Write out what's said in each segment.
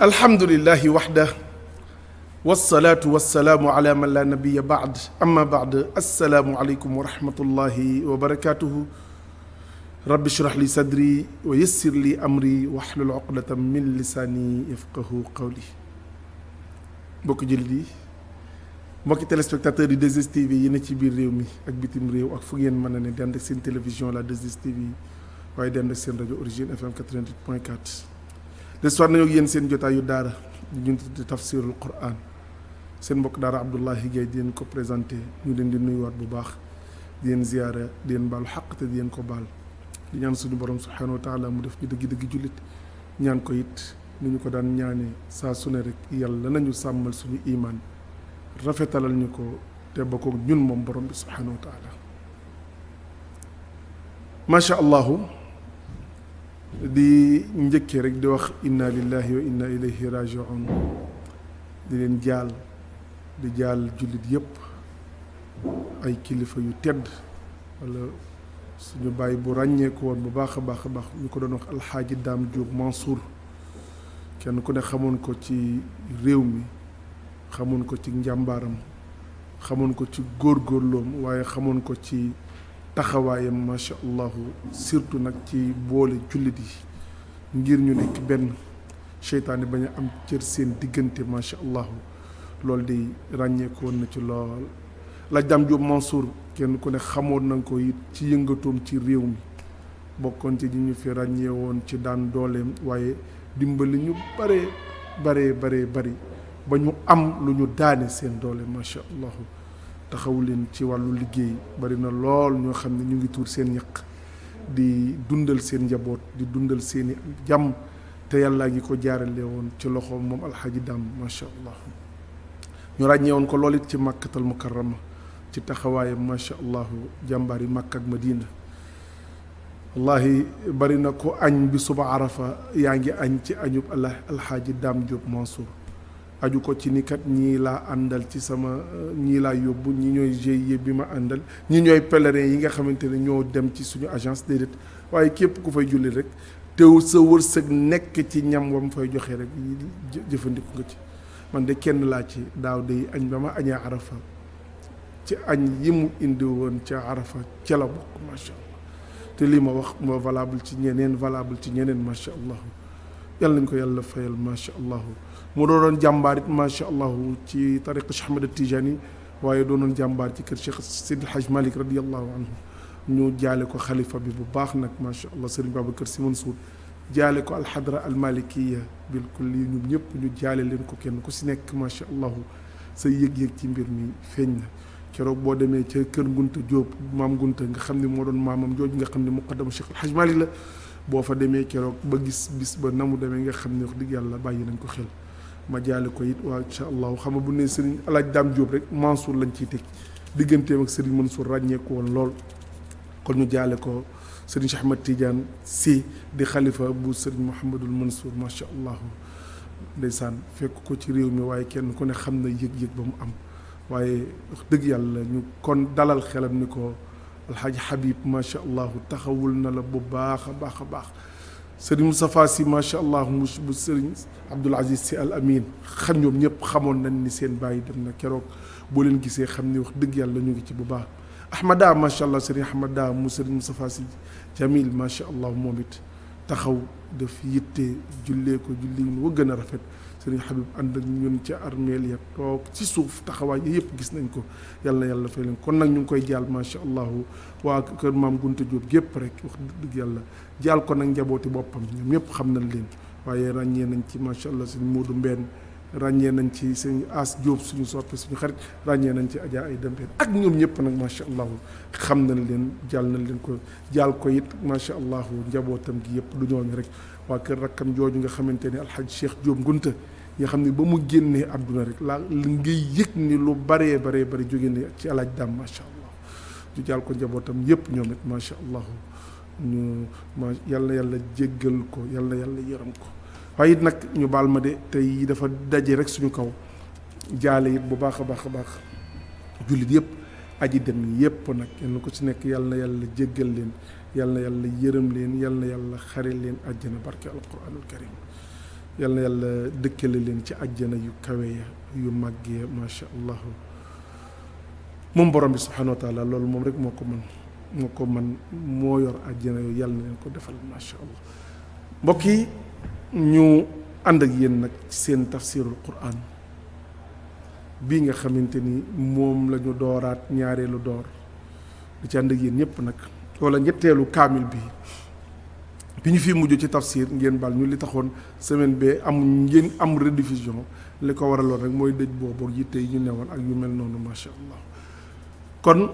alhamdulilahi waxda wasalaatu wasalaamu ala man laa nabiya baad amma baad assalaamu aleykum wa rahmatullahi wa barakatuhu rabbi shrah li sadri wa yassir li amri wahlul uqdatan min lisaani yafqahu qawli mbokki jullit yi mbokki téléspectateurs yi 2STV yi ne ci biir réew mi ak bitim réew ak fu ngeen mën na ne dend ak seen télévision la 2STV waaye dend ak seen rajo origine FM 88.4. de soir nañoo yéen seen jotaayu daara di ñu tudde tafsirul seen mbokk daara Abdoulahi Gaye di leen ko présenté ñu leen di nuyuwaat bu baax di leen ziyaara di leen baalu xaq te di leen ko baal di ñaan suñu borom subhanahu wa taala mu def ñu dëgg-dëgg jullit ñaan ko it. nu ñu ko daan ñaane saa su ne rek yàlla nañu sàmmal suñu imaan rafetalal ñu ko te ba ko ñun moom borom bi subhaanahu wa taala macha allahu di njëkkee rek di wax inna lillahi wa inna ilayhi rajiun di leen jaal di jaal jullit yépp ay kilifa yu tedd wala suñu bàyyi bu ràññeeku woon bu baax a baax a baax ñu ko doon wax alxaaji daam Diop Mansour kenn ku ne xamoon ko ci réew mi xamoon ko ci njàmbaaram xamoon ko ci góor góorgóorloom waaye xamoon ko ci taxawaayam macha allahu surtout nag ci boole jullit yi ngir ñu nekk benn seytaane bañ a am cër seen diggante macha allahu loolu di ràññeekoon woon na ci lool la jam Jóob Mansour kenn ku ne xamoon na ko it ci yëngatoom ci réew mi bokkoon ci ñu fi ràññeewoon ci daan dooleem waaye dimbali ñu bare bare bare bari ba ñu am lu ñu daane seen doole macha allahu taxaw leen ci wàllu liggéey bari na lool ñoo xam ne ñu ngi tuur seen ñaq di dundal seen njaboot di dundal seeni jàmm te yàllaa ngi ko jaarale woon ci loxo moom alxaaji dam macha allah ñu ràññee woon ko lool it ci màkkatal mukarrama ci taxawaayam macha allah jàmbaar yi màkk ak madina wallahi bari na ko añ bi suba arafa yaa ngi añ ci añub alxaaji Dame Diop Mansour aju ko ci ni kat ñii laa àndal ci sama ñii laa yóbbu ñi ñooy GIE bi ma àndal ñi ñooy pèlerin yi nga xamante ne ñoo dem ci suñu agence déedéet waaye képp ku fay julli rek tew sa wërsëg nekk ci ñam wam fay joxe rek jëfandiku nga ci man de kenn laa ci daaw day añ ba ma añee arafa ci añ yi mu indi woon ca arafa ca la bokk macha allah te lii ma wax moo valable ci ñeneen valable ci ñeneen macha allah yàlla nañ ko yàlla fayal macha allah mu doon jàmbaar it macha allah ci tariqa Cheikh Ahmed Tijani waaye doonoon jàmbaar ci kër Cheikh Seydi Hadj Malick radiyallahu anhu ñu jaale ko xalifa bi bu baax nag macha allah sëriñ Babacar Sy Mansour jaale ko alxadra almalikiya bilkul lii ñun ñëpp ñu jaale leen ko kenn ku si nekk macha allah sa yëg-yëg ci mbir mi feeñ na. keroog boo demee ca kër Ngunta jóob maam Ngunta nga xam ne moo doon maamam jooju nga xam ne muqaddamu Cheikh El Hadj Malick la boo fa demee keroog ba gis bis ba na mu demee nga xam ne wax dëgg yàlla bàyyi nañ ko xel ma jaale ko it waa incha allahu xam nga bu ne Serigne El Hadj Dame Diop rek Mansour lañ ciy teg digganteem ak Serigne Mansour ràññeeku woon lool kon ñu jaale ko Serigne Cheikh Ahmed Tidiane si di xalifa bu Serigne Mouhamadul Mansour macha allah ndeysaan fekk ko ci réew mi waaye kenn ku ne xam na yëg-yëg ba mu am. waaye wax dëgg yàlla ñu kon dalal xelam ni ko alxaaji Habib macha allah taxawul na la bu baax a baax a baax sëriñ Moustapha Sy macha allah mu bu sëriñ Abdoul Aziz Sy Al Amine xam ñoom ñëpp xamoon nañ ni seen bàyyi dem na keroog boo leen gisee xam ni wax dëgg yàlla ñu ngi ci bu baax. Ahmada macha allah sëriñ Ahmada mu sëriñ Moustapha Sy Jamil macha allah moom it taxaw daf yitte jullee ko julli wu gën a rafet. sëriñ Habib ànd ak ñun ca armeel ya toog ci suuf taxawaay yëpp gis nañ ko yàlla yàlla fay kon nag ñu ngi koy jaal macha allah waa kër maam Gunta jóob yëpp rek wax dëgg yàlla jaal ko nag njabooti boppam ñoom ñëpp xam nañ leen waaye ràññee nañ ci macha allah suñu Moodu Mbène ràññee nañ ci sëñ As Diop suñu soppe suñu xarit ràññee nañ ci Adja ay dembeen ak ñoom ñëpp nag macha allah xam nañ leen jaal nañ leen ko jaal ko it macha allah njabootam gi yëpp du ñooñu rek waa kër rakkam jooju nga xamante ni alxaj Cheikh Diop Gunta nga xam ne ba mu génnee àdduna rek laa ngay yëg ni lu baree baree bari jóge ne ci alaaj daam macha allah ju jaal ko njabootam yépp ñoom it macha allah ñu ma yàlla yàlla jéggal ko yàlla yàlla yërëm ko waaye nag ñu baal ma de tey dafa daje rek suñu kaw jaale it bu baax a baax a baax jullit yépp aji dem yépp nag kenn ko ci nekk yàlla yàlla jéggal leen yàlla yàlla yërëm leen yàlla yàlla xare leen àjjana barke alquranul karim yal na yàlla dëkkale leen ci àjjana yu kawe ya yu màgg ya macha allah moom borom bi subhanahu loolu moom rek moo ko mën moo ko mën moo yor àjjana yooyu yàlla na leen ko defal macha allah mbokk yi ñu ànd ak yéen nag seen tafsirul quran bii nga xamante ni moom lañu dooraat ñaareelu door di ci ànd ak yéen ñëpp nag wala ñetteelu kaamil bi bi ñu fi mujj ci tafsir ngeen bal ñu li taxoon semaine bee am ngeen am rediffusion li ko waraloon rek mooy dëj boobu yitte yi ñu woon ak yu mel noonu macha allah kon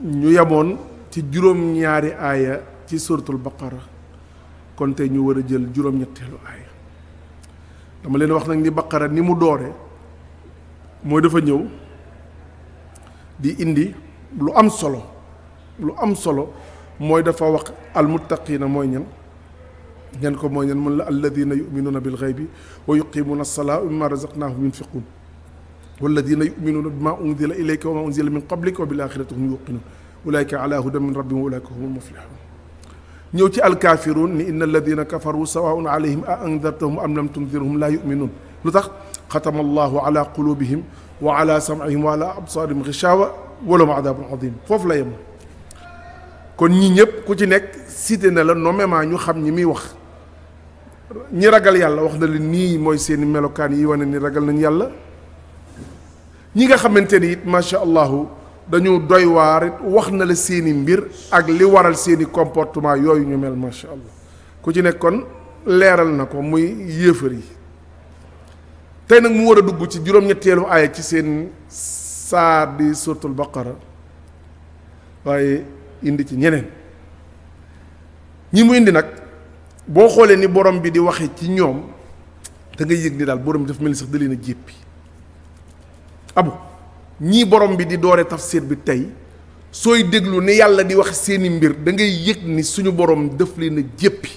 ñu yemoon ci juróom-ñaari aaya ci suratul baqara kon tey ñu war a jël juróom-ñetteelu aaya dama leen wax nag ni baqara ni mu doore mooy dafa ñëw di indi lu am solo lu am solo mooy dafa wax almuttaqiina mooy ñan ñan ko mooy ñan mun la alladina yuminuuna bil xaybi wa yuqimuuna alsalaa wa mimma razaqnaahum yunfiquun walladina yuminuuna bima unzila ilayka wa ma unzila min qablika wa bil axirati hum yuqinuun ulaika ala hudan min rabbihim wa ulaika hum almuflixuun ñëw ci alkaafiruun ni inna alladina kafaru sawaun alayhim a andartahum am lam tundirhum laa yuminuun lu tax xatama allahu ala qulubihim wa ala samcihim wa ala absaarihim xishaawa wa lahum adaabun adiim foofu la yem kon ñii ñëpp ku ci nekk cité na la nommément ñu xam ñi muy wax ñi ragal yàlla wax na la nii mooy seeni melokaan yi wane ni ragal nañ yàlla ñi nga xamante ni it macha allahu dañu doy waar it wax na la seeni mbir ak li waral seeni comportement yooyu ñu mel macha allah ku ci nekk kon leeral na ko muy yéefar yi tey nag mu war a dugg ci juróom-ñetteelu aaya ci seen saar di suratul baqara waaye indi ci ñeneen ñi mu indi nag boo xoolee ni borom bi di waxee ci ñoom dangay yëg ni daal borom bi dafa mel ni sax da leen a jéppi abu ñii borom bi di doore tafsir bi tey sooy déglu ne yàlla di wax seeni mbir da ngay yëg ni suñu borom daf leen a jéppi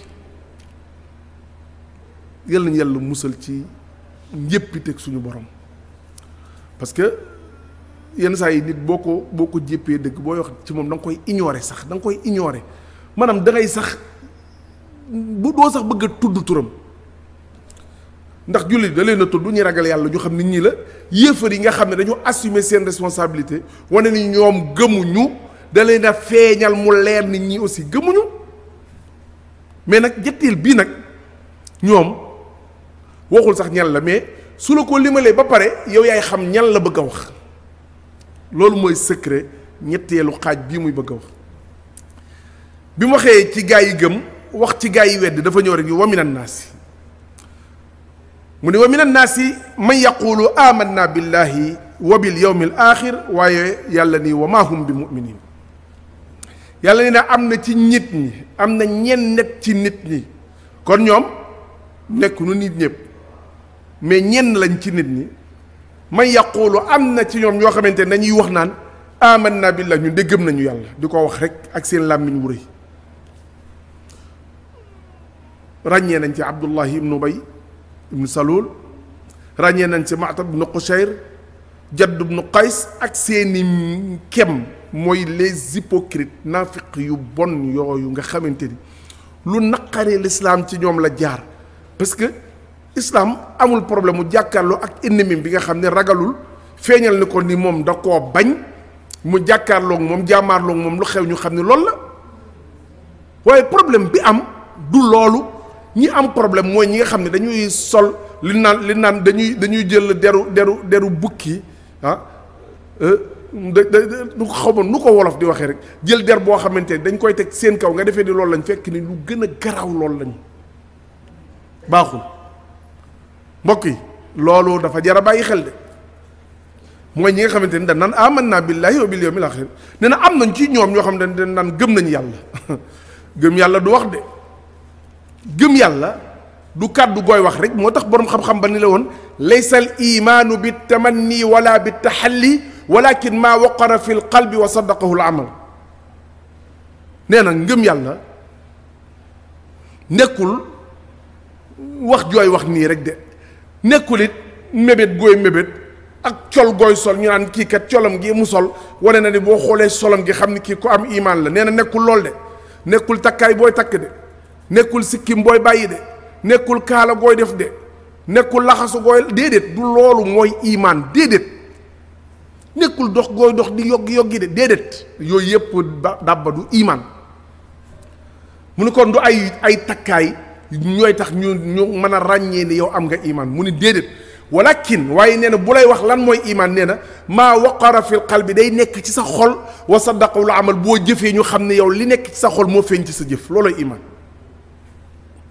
yàlla nañu yàlla musal ci njéppiteg suñu borom parce que. yenn saa yi nit boo ko boo ko jéppee dëgg booy wax ci moom da koy ignorer sax da nga koy ignorer maanaam da sax bu doo sax bëgg a tudd turam ndax jullit da leen a tudd ñu ragal yàlla ñu xam nit ñi la yéefar yi nga xam ne dañoo assumer seen responsabilité wane ni ñoom gëmuñu da leen a feeñal mu leer nit ñi aussi gëmuñu mais nag jetteel bii nag ñoom waxul sax ñan la mais su la ko limalee ba pare yow yaay xam ñan la bëgg a wax loolu mooy secret ñetteelu xaaj bii muy bëgg a wax bi mu waxee ci gaa yi gëm wax ci gaa yi wedd dafa ñëw rek yu wa minan mu ne wa minan naasi man yaqulu amanna billahi wa bil yawmil axir waaye yàlla nii wa maa hum bi muminin yàlla ni na am na ci nit ñi am na ñenn ci nit ñi kon ñoom nekk nu nit ñëpp mais ñenn lañ ci nit ñi man yaquulu am na ci ñoom ñoo xamante ne dañuy wax naan amanna billah ñun de gëm nañu yàlla di ko wax rek ak seen làmmiñ wu rëy ràññee nañ ci abdullahi ibnu bay ibnu salul ràññee nañ ci maatab ibnu qushayr jadd ibnu qays ak seeni kem mooy les hypocrites naafiq yu bon yooyu nga xamante ni lu naqaree lislaam ci ñoom la jaar parce islam amul problème mu jàkkaarloo ak ennemi bi nga xam ne ragalul feeñal ni ko ni moom da koo bañ mu jàkkaarloog moom jàmmaarloog moom lu xew ñu xam ne loolu la waaye problème bi am du loolu ñi am problème mooy ñi nga xam ne dañuy sol li naan li naan dañuy dañuy jël deru deru deru bukki ah euh, da da du xaw ma nu ko wolof di waxee rek jël der boo xamante ne dañ koy teg seen kaw nga defe ni loolu lañ fekk ni lu gën a garaaw loolu lañ baaxul mbokk yi loolu dafa jar a bàyyi xel de mooy ñi nga xamante ni dañ naan aman naa billahi wa bil yawmil axir nee na am nañ ci ñoom ñoo xam ne dañ naan gëm nañ yàlla gëm yàlla du wax de gëm yàlla du kàddu gooy wax rek moo tax boroom xam-xam ba ni la woon laysa al imaanu bi tamanni wala bi taxalli walakin maa waqara fi l qalbi wa saddaqahu l amal nee na ngëm yàlla nekkul wax jooy wax nii rek de nekkul it mébét gooy mébét ak col gooy sol ñu naan kii kat colam gi mu sol wane na ni boo xoolee solom gi xam ni kii ko am imaan la nee na nekkul lool de nekkul takkaay booy takk de nekkul sikkim booy bàyyi de nekkul kaala gooy def de nekkul laxasu gooy déedéet du loolu mooy imaan déedéet nekkul dox gooy dox di yoggi yoggi de déedéet yooyu yëpp dabba du imaan mu ne kon du ay ay takkaay ñooy tax ñu ñu mën a ràññee ni yow am nga iman mu ni déedéet walakin waaye nee na bu lay wax lan mooy iman nee na maa waqara fil bi day nekk ci sa xol wa saddaqahu amal boo jëfee ñu xam ne yow li nekk ci sa xol moo feeñ ci sa jëf loolooy iman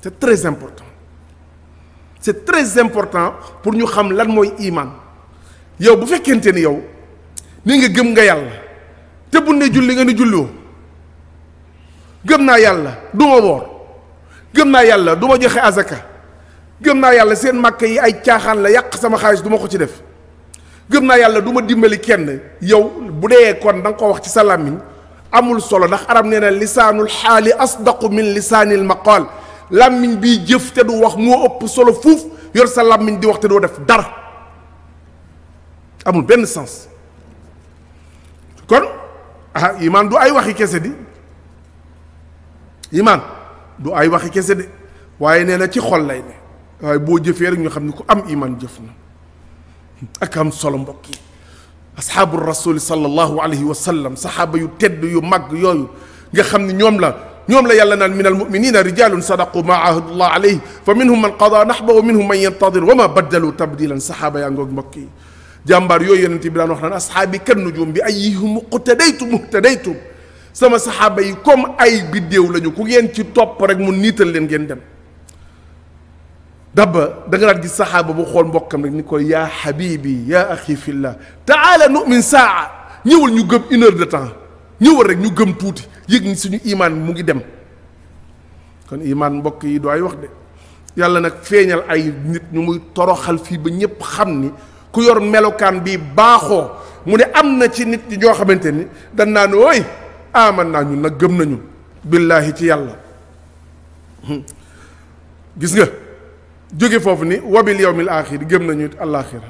c'est très important c'est très important pour ñu xam lan mooy iman yow bu fekkente ni yow ni nga gëm nga yàlla te bu ne julli nga ni julliwoo gëm naa yàlla du ma gëm naa yàlla du ma joxe azaka gëm naa yàlla seen makk yi ay caaxaan la yàq sama xaalis du ma ko ci def gëm naa yàlla du ma dimbali kenn yow bu dee kon danga ko wax ci sa làmmiñ amul solo ndax arab nee na lisaanul xaali asdaqu min lisaanil maqaal làmmiñ bii jëf te du wax moo ëpp solo fuuf yor sa làmmiñ di wax te doo def dara amul benn sens kon ah imaan du ay waxi kese di imaan du ay waxi kese di waaye nee na ci xol lay ne waaye boo jëfee rek ñu xam ne ku am iman jëf na ak am solo mbokk yi asxaabu rasuli sallallahu alayhi wa sallam saxaaba yu tedd yu mag yooyu nga xam ne ñoom la ñoom la yàlla naan min almuminina rijalun sadaqu ma ahadullah alayhi fa minhum man qada nahba wa minhum man yantadir wa ma baddalu tabdilan saxaaba yaa ngoog mbokk yi jàmbaar yooyu yonente bi daan wax naan asxaabi kan nujum bi ayihum muqtadaytum muhtadaytum sama saxaaba yi comme ay biddéew lañu ku ngeen ci topp rek mu niital leen ngeen dem dabba danga nga daan gis saxaaba bu xool mbokkam rek ni koy yaa habibi yaa axi fillah taala nu'min saa ñëwal ñu gëm une heure de ñëwal rek ñu gëm tuuti yëg ni suñu imaan mu ngi dem kon imaan mbokk yi du ay wax de yàlla nag feeñal ay nit ñu muy toroxal fii ba ñëpp xam ni ku yor melokaan bi baaxoo mu ne am na ci nit ñi ñoo xamante ni dan ni ooy aman naa ñu nag gëm nañu billaahi ci yàlla gis nga jóge foofu ni wabil yawmil axiri gëm nañu it alaaxira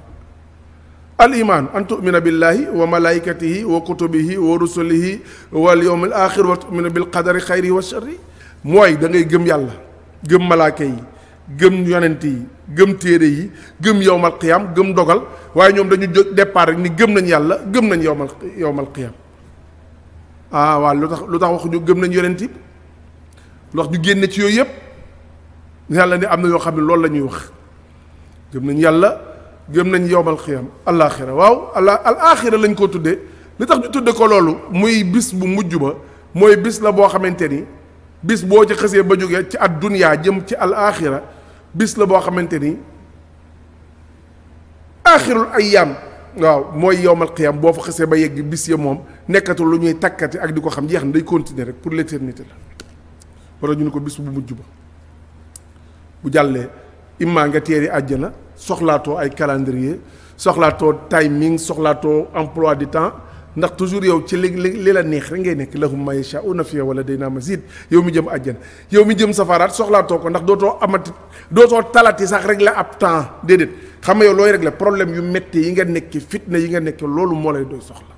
al iman an tumina billahi wa malaikatihi wa kutubihi wa rusulihi wal yawmil axir wa tumina bil qadari xayri wa sharri mooy dangay gëm yàlla gëm malaaka yi gëm yonent yi gëm téere yi gëm yowmal qiyaam gëm dogal waaye ñoom dañu jóg départ ni gëm nañ yàlla gëm nañ yowmal yowmal qiyaam ah waaw lu tax lu tax waxuñu gëm nañ yonent yi lu wax ñu génne ci yooyu yëpp yàlla ni am na yoo xam ne loolu la ñuy wax gëm nañ yàlla gëm nañ yowmal xiyam alaaxira waaw ala alaaxira lañ koo tuddee li tax ñu tudde ko loolu muy bis bu mujj ba mooy bis la boo xamante ni bis boo ci xësee ba jógee ci at dunya jëm ci alaaxira bis la boo xamante ni aaxirul ayyaam waaw mooy yowmal qiyam boo fa xasee ba yegg bis ya moom nekkatul lu ñuy takkati ak di ko xam jeex na day continuer rek pour l'éternité la wala ñu ko bis bu mujj ba bu jàllee imma nga teeri àjjana soxlaatoo ay calendrier soxlaatoo timing soxlaatoo emploi de temps ndax toujours yow ci li li la neex rek ngay nekk la lahum ma yashaa'una fiihaa naa ma maziid yow mi jëm àjjana yow mi jëm safaraat soxlaatoo ko ndax dootoo amati dootoo talati sax rek la ab temps déedéet xam nga yow looy régler problème yu métti yi nga nekk fitna yi nga nekk loolu moo lay doy soxla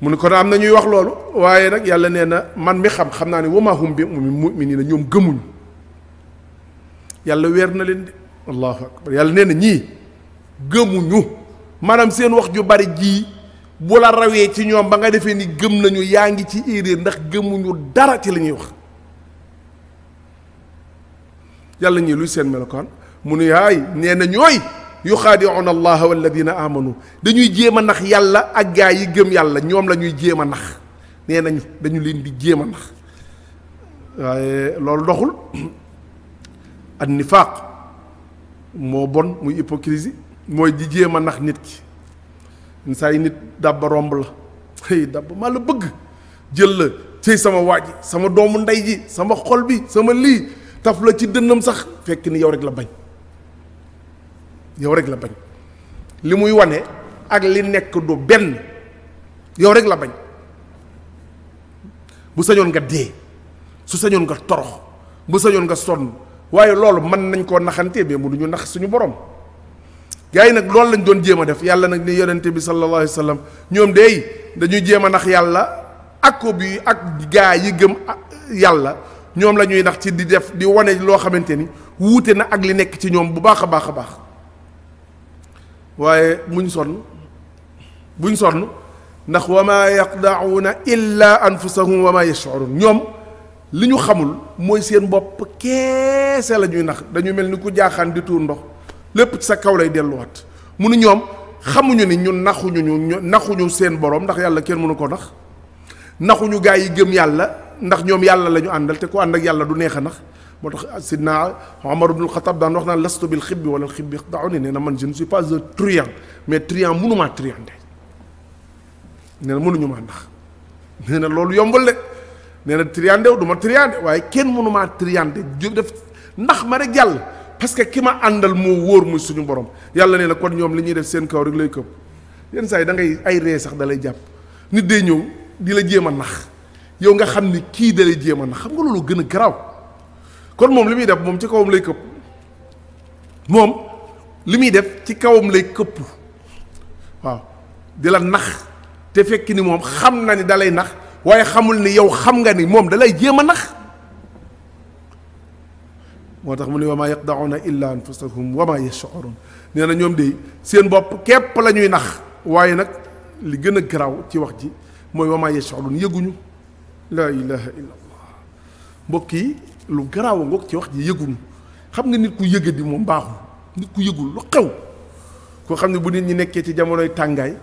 mu ne kon am na ñuy wax loolu waaye nag yàlla nee na man mi xam xam naa ne mu mu mi nii na ñoom gëmuñu yàlla weer na leen de allahu akbar yàlla nee na ñii gëmuñu maanaam seen wax ju bari ji bu la rawee ci ñoom ba nga defee ni gëm nañu yaa ngi ci erreur ndax gëmuñu dara ci li ñuy wax yàlla ñii luy seen melokaan. mu ne haay nee na ñooy yuxaadicuuna allaha walladina amanu dañuy jéem a nax yàlla ak gaa yi gëm yàlla ñoom la ñuy jéem a nax nee nañu dañu leen di jéema nax waaye loolu doxul an nifaaq moo bon muy hypocrisie mooy di jéem a nax nit ki saa nit dàbba romb la hey dàbba maa la bëgg jël la tey sama waaj sama doomu ndey ji sama xol bi sama lii taf la ci dënnam sax fekk ni yow rek la bañ yow rek la bañ li muy wane ak li nekk du benn yow rek la bañ bu sañoon nga dee su sañoon nga torox bu sañoon nga sonn waaye loolu mën nañ koo naxantee mais duñu nax suñu borom gars yi nag loolu lañ doon jéem a def yàlla nag ni yonente bi sallallahu alayhi wa ñoom de dañuy jéem a nax yàlla ak ko bi ak gaa yi gëm ak yàlla ñoom lañuy ñuy nax ci di def di wane loo xamante ni wuute na ak li nekk ci ñoom bu baax a baax a baax waaye muñ sonn buñ sonn ndax wa maa na illa anfusa wa maa yashurun ñoom li ñu xamul mooy seen bopp keese la ñuy nax dañu mel ni ku jaaxaan di tuur ndox lépp ci sa kaw lay delluwaat munu ñoom xamuñu ni ñun naxuñu ñu naxuñu seen borom ndax yàlla kenn mënu ko nax naxuñu gaa yi gëm yàlla ndax ñoom yàlla la ñu àndal te ku ànd ak yàlla du neex a nax moo tax naa Omar ibnul Xattaab daan wax naa lastu bil xibbi wala xibbi daaw ni nee na man je ne suis pas un truand mais truand mënumaa truandé nee na mënuñu maa ndax nee na loolu yombul de nee na truandé wu du ma truandé waaye kenn mënumaa truandé ju def ndax ma rek yàlla parce que ki ma àndal moo wóor mu suñu borom yàlla nee na kon ñoom li ñuy def seen kaw rek lay këpp yenn saa yi da ngay ay ree sax da lay jàpp nit de ñëw di la jéem a nax yow nga xam ni kii da jéem a nax xam nga loolu gën a garaaw. kon moom li muy def moom ci kawam lay këpp moom li muy def ci kawam lay këpp waaw di la nax te fekk ni moom xam na ni dalay nax waaye xamul ni yow xam nga ni moom dalay jéem a nax moo tax mu ne wa maa yaqdauna illa anfusahum wa maa nee na ñoom de seen bopp képp la ñuy nax waaye nag li gën a garaaw ci wax ji mooy wa maa yëguñu laa ilaha illa allah mbokk yi lu garaaw ngoog ci wax ji yëgul xam nga nit ku yëga di moom baaxul nit ku yëgul lu xew koo xam ne bu nit ñi nekkee ci jamonoy tàngaay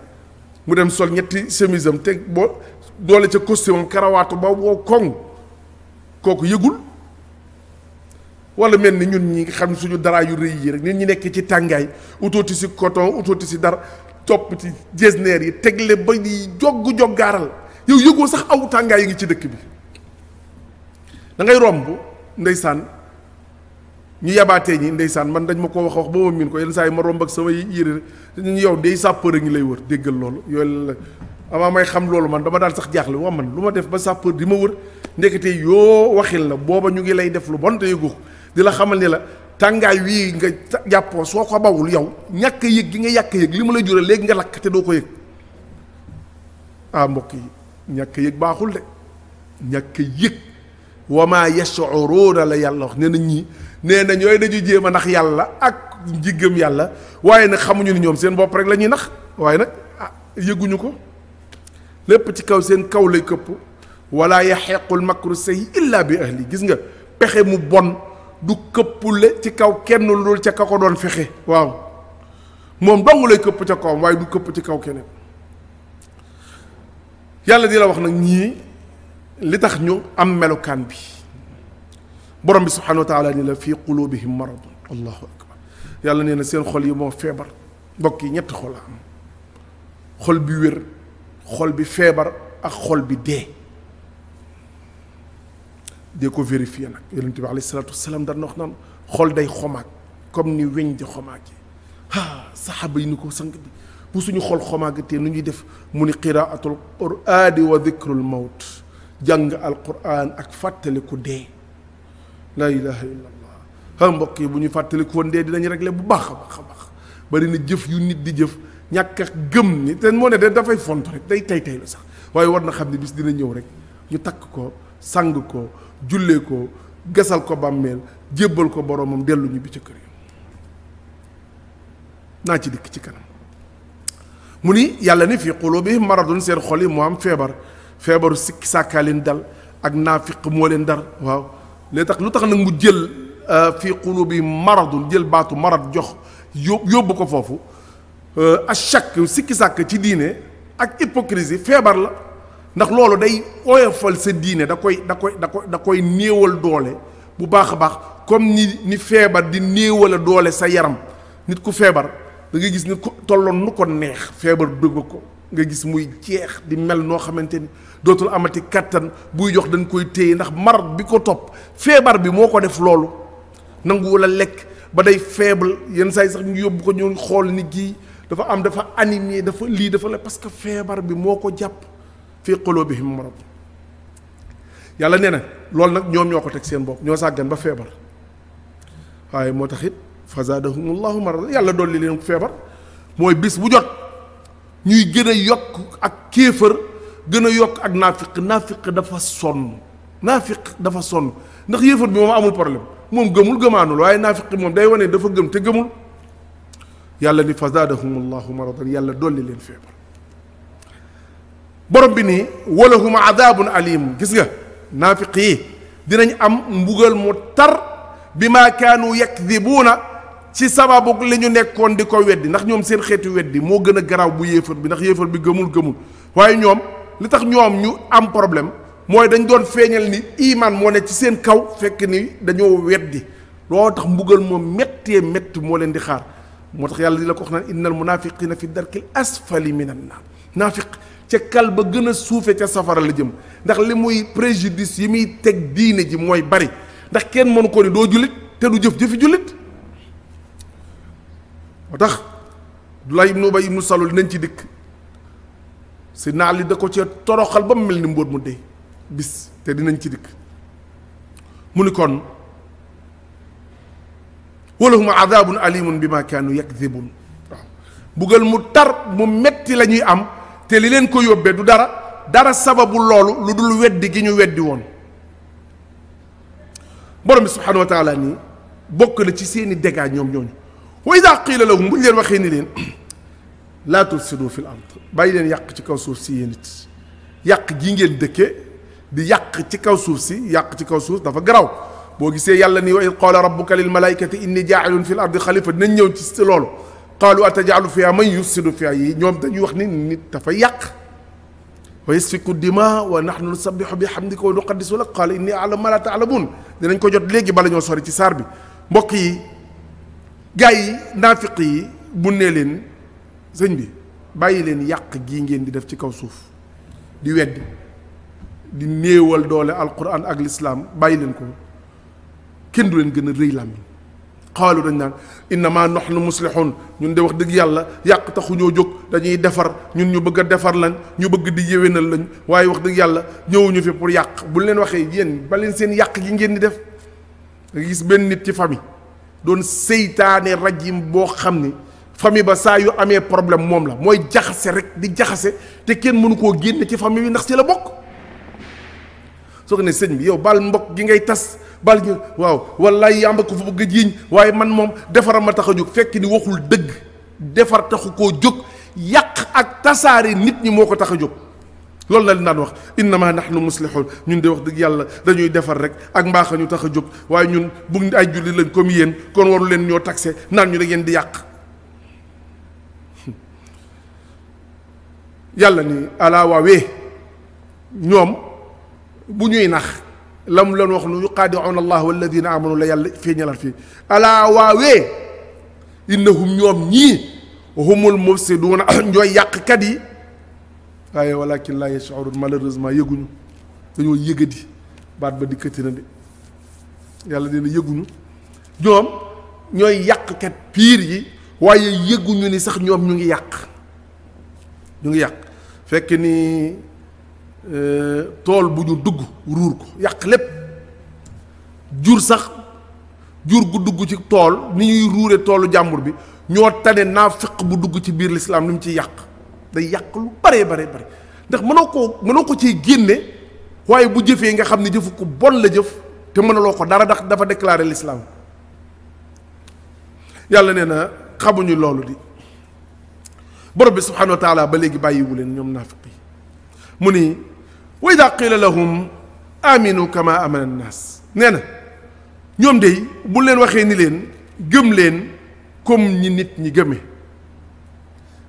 mu dem sol ñetti chemise am te boo doole ca costume am karawaatu ba woo koŋ kooku yëgul wala mel ni ñun ñi nga xam suñu daraa yu rëy yi rek nit ñi nekkee ci tàngaay utooti si coton utooti si dara topp ci jesneer yi tegle ba di jog joggaaral yow yëgoo sax aw tàngaay yi ngi ci dëkk bi dangay romb ndeysaan ñu yabaatee ñi ndeysaan man dañ ma ko wax wax ba ma miin ko yenn saa yi ma romb ak sama yére ñu yow day sapeur a ngi lay wër déggal loolu yooyu la avant may xam loolu man dama daan sax jaaxle waa man lu ma def ba sapeur di ma wër ndekete yoo waxil la booba ñu ngi lay def lu bon te yëgu di la xamal ni la tàngaay wii nga jàppoo soo ko bawul yow ñàkk yëg gi nga yàkk yëg li ma lay jural léegi nga lakk te doo ko yëg ah mbokk yi ñàkk yëg baaxul de ñàkk yëg wa maa yashuruuna la yàlla wax nee na ñii nee na ñooy dañuy jéem a nax yàlla ak njiggam yàlla waaye nag xamuñu ni ñoom seen bopp rek lañuy ñuy nax waaye nag ah yëguñu ko lépp ci kaw seen kaw lay këpp walla wala yaxiqul makru sayyi illa bi ahli gis nga pexe mu bon du këppule ci kaw kenn loolu ca ka ko doon fexe waaw moom dong lay këpp ca kawam waaye du këpp ci kaw keneen yàlla di la wax nag ñii li tax ñu am melokaan bi borom bi subhanahu wa taala ni la fii qulubihim maradun allahu akbar yàlla nee na seen xol yi moo feebar mbokk yi ñetti xol am xol bi wér xol bi feebar ak xol bi dee dee ko vérifier nag yonent bi alayhi salaatu wasalaam daan na wax naan xol day xomaag comme ni weñ di xomaage ah saxaaba yi ni ko sang bi bu suñu xol xomaagatee nu ñuy def mu ni qiraatul quraani wa dikrul mawt jàng alquran ak fàttaliku dee laa ilaha illa allah xam mbokk yi bu ñu fàttaliku woon dee dinañ régler bu baax a baax a baax bari na jëf yu nit di jëf ñàkk a gëm ni te moo ne de dafay font rek day tay tay la sax waaye war na xam ne bis dina ñëw rek ñu takk ko sang ko jullee ko gasal ko bàmmeel jébbal ko boroomam dellu ñu bi ca kër naa ci dikk ci kanam mu ni yàlla ni fii bi maradun seen xol yi mu am feebar feebaru sikki sàkkaa leen dal ak naafiq moo leen dar waaw léegi tax lu tax nag mu jël euh, fii qulubi maradun jël baatu marad jox yó yóbbu ko foofu euh, achak sikki sàkk ci diine ak hypocrisie feebar la ndax loolu day oyofal sa diine da koy da koy da koy da koy néewal doole bu baax a baax comme ni ni feebar di néewal a doole sa yaram nit ku feebar da gis nit ku tolloon nu ko neex feebar dugg ko nga gis muy jeex di mel noo xamante ni dootul amati kattan buy jox dañ koy téye ndax mar bi ko topp feebar bi moo ko def loolu nanguwul a lekk ba day faible yan saa yi sax ñu yóbbu ko ñu xool ni kii dafa am dafa animé dafa lii dafa la parce que feebar bi moo ko jàpp fii qulubihim marad yàlla nee na loolu nag ñoom ñoo ko teg seen bopp ñoo sàggan ba feebar waaye moo tax it fazadahumullahu marad yàlla dool li leen feebar mooy bis bu jot ñuy gën a yokk ak kéefër gën a yokk ak naafiq naafiq dafa sonn naafiq dafa sonn ndax yéefar bi moom amul problème moom gëmul gëmaanul waaye naafiq moom day wane dafa gëm te gëmul yàlla ni fa zaadahum allahu yàlla dolli leen feebar borom bi nii walahum adabun alim gis nga naafiq yi dinañ am mbugal mu tar bi ma kaanu yakdibuuna ci sababu li ñu nekkoon di ko weddi ndax ñoom seen xeetu weddi moo gën a garaaw bu yéefar bi ndax yéefar bi gëmul gëmul waaye ñoom li tax ñoom ñu am problème mooy dañ doon feeñal ni imaan moo ne ci seen kaw fekk ni dañoo weddi loo tax mbugal moom méttee métti moo leen di xaar moo tax yàlla di la ko wax naan innal munafiqina fi darkil asfali minan naar naafiq ca kal ba gën a suufe ca safara la jëm ndax li muy préjudice yi muy teg diine ji mooy bari ndax kenn mënu ko ni doo jullit te du jëf jëfi jullit moo tax Abdullah ibnu Ubay ibnu Salul nañ ci dikk si naa li da ko cee toroxal ba mu mel ni mbóot mu dey bis te dinañ ci dikk mu ni kon wolo walahum adabun alimun bi ma kaanu yakdibun waaw mbugal mu tar mu metti la ñuy am te li leen ko yóbbee du dara dara sababu loolu lu dul weddi gi ñu weddi woon borom bi subhanahu wa nii bokk na ci seeni dégâts ñoom ñooñu wa ida qiila lahum ñu leen waxee ni leen laa tufsidu fi l bàyyi leen yàq ci kaw suuf si yéen it yàq ji ngeen dëkke di yàq ci kaw suuf si yàq ci kaw suuf dafa garaw boo gisee yàlla ni wa id qaala rabbuka lil malaikati inni jaailun fi l ardi xalifa dinañ ñëw ci si loolu qaalu atajaalu fiha man yufsidu fiha yi ñoom dañuy wax ni nit dafa yàq wa yasfiku dima wa nahnu nusabbihu bi hamdika wa nuqaddisu lak qaala inni alamu ma la taalamuun dinañ ko jot léegi bala ñoo sore ci saar bi mbokk yi gars yi naafiq yi bunnee leen sëñ bi bàyyi leen yàq gii ngeen di def ci kaw suuf di weddi di néewal doole alquran ak lislaam bàyyi leen ko kenn du leen gën a rëy làmmiñ xaalu dañ naan innama nahnu muslihun ñun de wax dëgg yàlla yàq taxu ñoo jóg dañuy defar ñun ñu bëgg a defar lañ ñu bëgg di yéwénal lañ waaye wax dëgg yàlla ñëwuñu fi pour yàq bu leen waxee yéen ba leen seen yàq gi ngeen di def nga gis benn nit ci famille doon seytaane rajim boo xam ni famille ba saa yu amee problème moom la mooy jaxase rek di jaxase te kenn mënu koo génne ci famille bi ndax ci la bokk soo ko ne sëñ bi yow bal mbokk gi ngay tas bal ñu waaw wallaay yàmba ko fa bëgg a jiiñ waaye man moom defara ma tax a jóg fekk ni waxul dëgg defar taxu koo jóg yàq ak tasaare nit ñi moo ko tax a jóg loolu na li naan wax innama nahnu muslihun ñun de wax dëgg yàlla dañuy defar rek ak mbaax ñu tax a jóg waaye ñun bugg ay julli lañ comme yéen kon waru leen ñoo taxe naan ñu da ngeen di yàq yàlla ni ala ñoom bu ñuy nax lam leen wax nu yuqaadicuuna allah walladina amanu la yàlla fii ñalar fii ala waawee innahum ñoom ñii humul mufsiduuna ñooy yàqkat yi waaye walakin laa yashcuruun malheureusement yëguñu dañoo yëgadi baat ba dikkati na de yàlla dina yëguñu ñoom ñooy yàqkat piir yi waaye yëguñu ni sax ñoom ñu ngi yàq ñu ngi yàq fekk ni euh, tool bu ñu dugg ruur ko yàq lépp jur sax jur gu dugg ci tool ni ñuy ruure toolu jàmbur bi ñoo tane naafiq bu dugg ci biir lislaam li mu ci yàq day yàq lu bare bare bare ndax mënoo ko mënoo ko ci génne waaye bu jëfee nga xam ne jëfu ko bon la jëf te mënuloo ko dara ndax dafa déclaré lislaam yàlla nee na xamuñu loolu di borom bi subhanahu wa ba léegi bàyyiwu leen ñoom naafiq yi mu ni wa ida qila lahum aminu kama amana annaas nee na ñoom de bu leen waxee ni leen gëm leen comme ñi nit ñi gëmee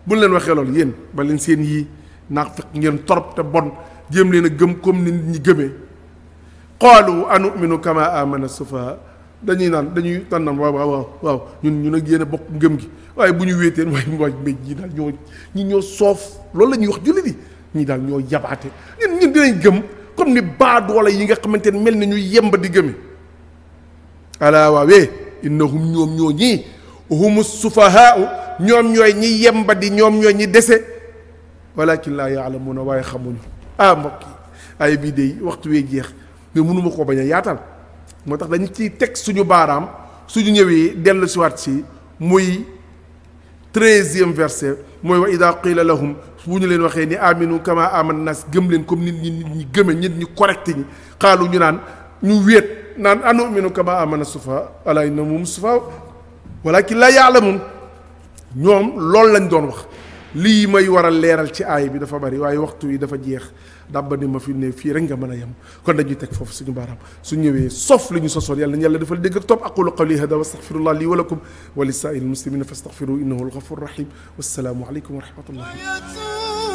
bu leen waxee loolu yéen ba leen seen yii naafiq ngeen torop te bon jéem leen a gëm comme ni nit ñi gëmee qaalu anuminu kama amana sufaha dañuy naan dañuy tànnam waaw waaw waaw ñun ñu ak yéen bokk gëm gi waaye bu ñu wéeteen waaye waay mbéj ñi daal ñoo ñi ñoo soof loolu la ñuy wax jullit yi ñi daal ñoo yabaate ñun ñun dinañ gëm nga xamante ne mel na ñu yemba di gëme ala waawee innahum ñoom ñii humu sufahaau ñoom ñooy ñi yemba di ñoom ñooy ñi dese walakin laa yaalamuuna waaye xamuñu ah mbokk ay bii day waxtu wee jeex mais mënuma koo bañ a yaatal moo tax dañ ci teg suñu baaraam suñu ñëwee dellu siwaat si muy treizième verse mooy wa ida qila lahum bu ñu leen waxee ni aminu kamaa aman nas gëm leen comme nit ñi nit ñi gëme nit ñi correct ñi xaalu ñu naan ñu weet naan anu aminu kama na sufa ala innahum sufa walakin la yaalamun ñoom loolu lañ doon wax lii may waral leeral ci aay bi dafa bari waaye waxtu wi dafa jeex dàbbandi ma fi ne fii rek nga mën a yem kon dañuy teg foofu suñu baaraam su ñëwee sof li ñu sosoon yàlla nañu yàlla defal dégg ak topp aqulu qawli hada wa astaghfirullah li wa lakum wa li saa'iril muslimina fastaghfiru innahu al-ghafur rahim wassalaamu aleykum wa rahmatullah